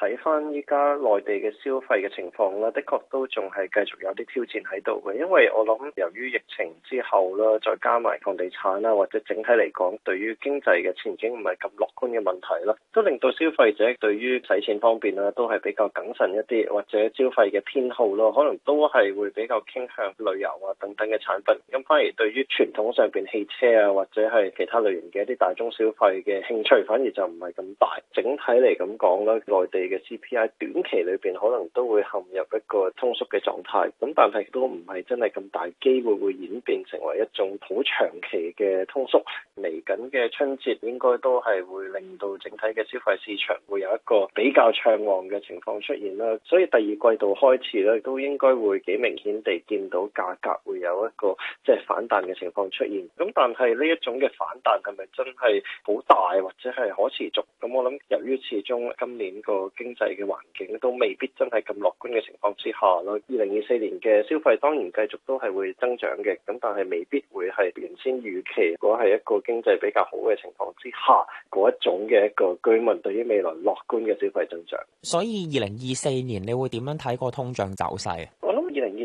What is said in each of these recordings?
睇翻依家內地嘅消費嘅情況啦，的確都仲係繼續有啲挑戰喺度嘅，因為我諗由於疫情之後啦，再加埋房地產啦，或者整體嚟講對於經濟嘅前景唔係咁樂觀嘅問題啦，都令到消費者對於使錢方面啦都係比較謹慎一啲，或者消費嘅偏好咯，可能都係會比較傾向旅遊啊等等嘅產品，咁反而對於傳統上邊汽車啊或者係其他類型嘅一啲大眾消費嘅興趣，反而就唔係咁大。整體嚟咁講啦，內地嘅 CPI 短期裏邊可能都會陷入一個通縮嘅狀態，咁但係都唔係真係咁大機會會演變成為一種好長期嘅通縮，嚟緊嘅春節應該都係會令到整體嘅消費市場會有一個比較暢旺嘅情況出現啦，所以第二季度開始咧都應該會幾明顯地見到價格會有一個即係反彈嘅情況出現，咁但係呢一種嘅反彈係咪真係好大或者係可持續？咁我諗由於始終今年個。經濟嘅環境都未必真係咁樂觀嘅情況之下咯。二零二四年嘅消費當然繼續都係會增長嘅，咁但係未必會係原先預期嗰係一個經濟比較好嘅情況之下嗰一種嘅一個居民對於未來樂觀嘅消費增長。所以二零二四年你會點樣睇個通脹走勢？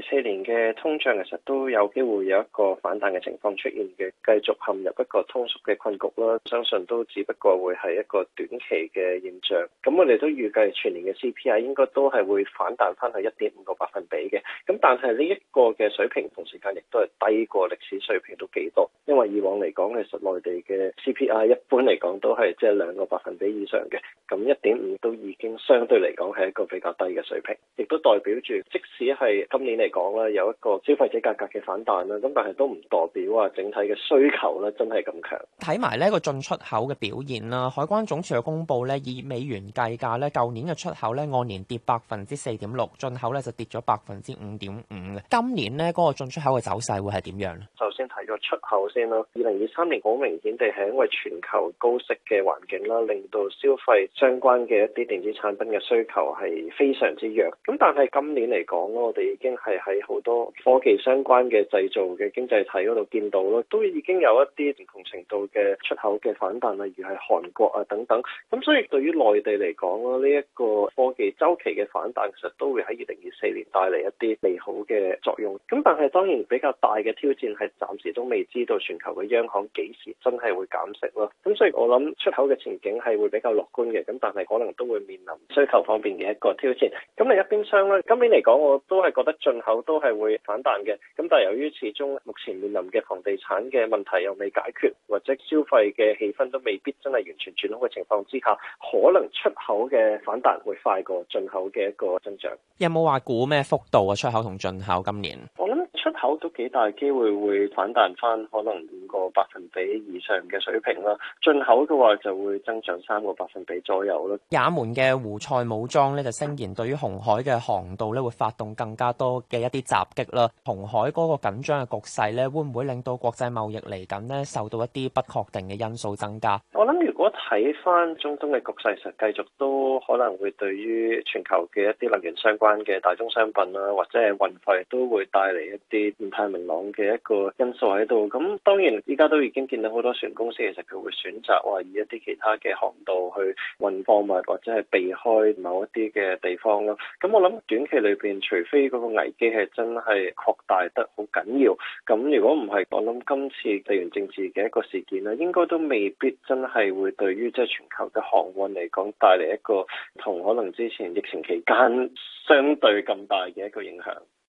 四年嘅通脹其實都有機會有一個反彈嘅情況出現嘅，繼續陷入一個通縮嘅困局啦。相信都只不過會係一個短期嘅現象。咁我哋都預計全年嘅 CPI 應該都係會反彈翻去一點五個百分比嘅。咁但係呢一個嘅水平同時間亦都係低過歷史水平都幾多。因為以往嚟講，其實內地嘅 CPI 一般嚟講都係即係兩個百分比以上嘅。咁一點五都已經相對嚟講係一個比較低嘅水平，亦都代表住即使係今年嚟。講咧有一個消費者價格嘅反彈啦，咁但係都唔代表話整體嘅需求咧真係咁強。睇埋呢個進出口嘅表現啦，海關總署嘅公佈咧以美元計價咧，舊年嘅出口咧按年跌百分之四點六，進口咧就跌咗百分之五點五。今年咧嗰個進出口嘅走勢會係點樣咧？首先睇咗出口先咯，二零二三年好明顯地係因為全球高息嘅環境啦，令到消費相關嘅一啲電子產品嘅需求係非常之弱。咁但係今年嚟講咧，我哋已經係。喺好多科技相關嘅製造嘅經濟體嗰度見到咯，都已經有一啲唔同程度嘅出口嘅反彈，例如係韓國啊等等。咁所以對於內地嚟講咯，呢一個科技周期嘅反彈其實都會喺二零二四年帶嚟一啲利好嘅作用。咁但係當然比較大嘅挑戰係暫時都未知道全球嘅央行幾時真係會減息咯。咁所以我諗出口嘅前景係會比較樂觀嘅，咁但係可能都會面臨需求方面嘅一個挑戰，咁另一邊廂咧，今年嚟講我都係覺得進口。都係會反彈嘅，咁但係由於始終目前面臨嘅房地產嘅問題又未解決，或者消費嘅氣氛都未必真係完全轉好嘅情況之下，可能出口嘅反彈會快過進口嘅一個增長。有冇話估咩幅度啊？出口同進口今年？我諗出口都幾大機會會反彈翻，可能。個百分比以上嘅水平啦，進口嘅話就會增長三個百分比左右啦。也門嘅胡塞武裝咧就聲言，對於紅海嘅航道咧會發動更加多嘅一啲襲擊啦。紅海嗰個緊張嘅局勢咧，會唔會令到國際貿易嚟緊咧受到一啲不確定嘅因素增加？我諗如果睇翻中東嘅局勢，其實繼續都可能會對於全球嘅一啲能源相關嘅大宗商品啦，或者係運費都會帶嚟一啲唔太明朗嘅一個因素喺度。咁當然。依家都已經見到好多船公司，其實佢會選擇話以一啲其他嘅航道去運貨物，或者係避開某一啲嘅地方咯。咁我諗短期裏邊，除非嗰個危機係真係擴大得好緊要，咁如果唔係，我諗今次地緣政治嘅一個事件咧，應該都未必真係會對於即係全球嘅航運嚟講帶嚟一個同可能之前疫情期間相對咁大嘅一個影響。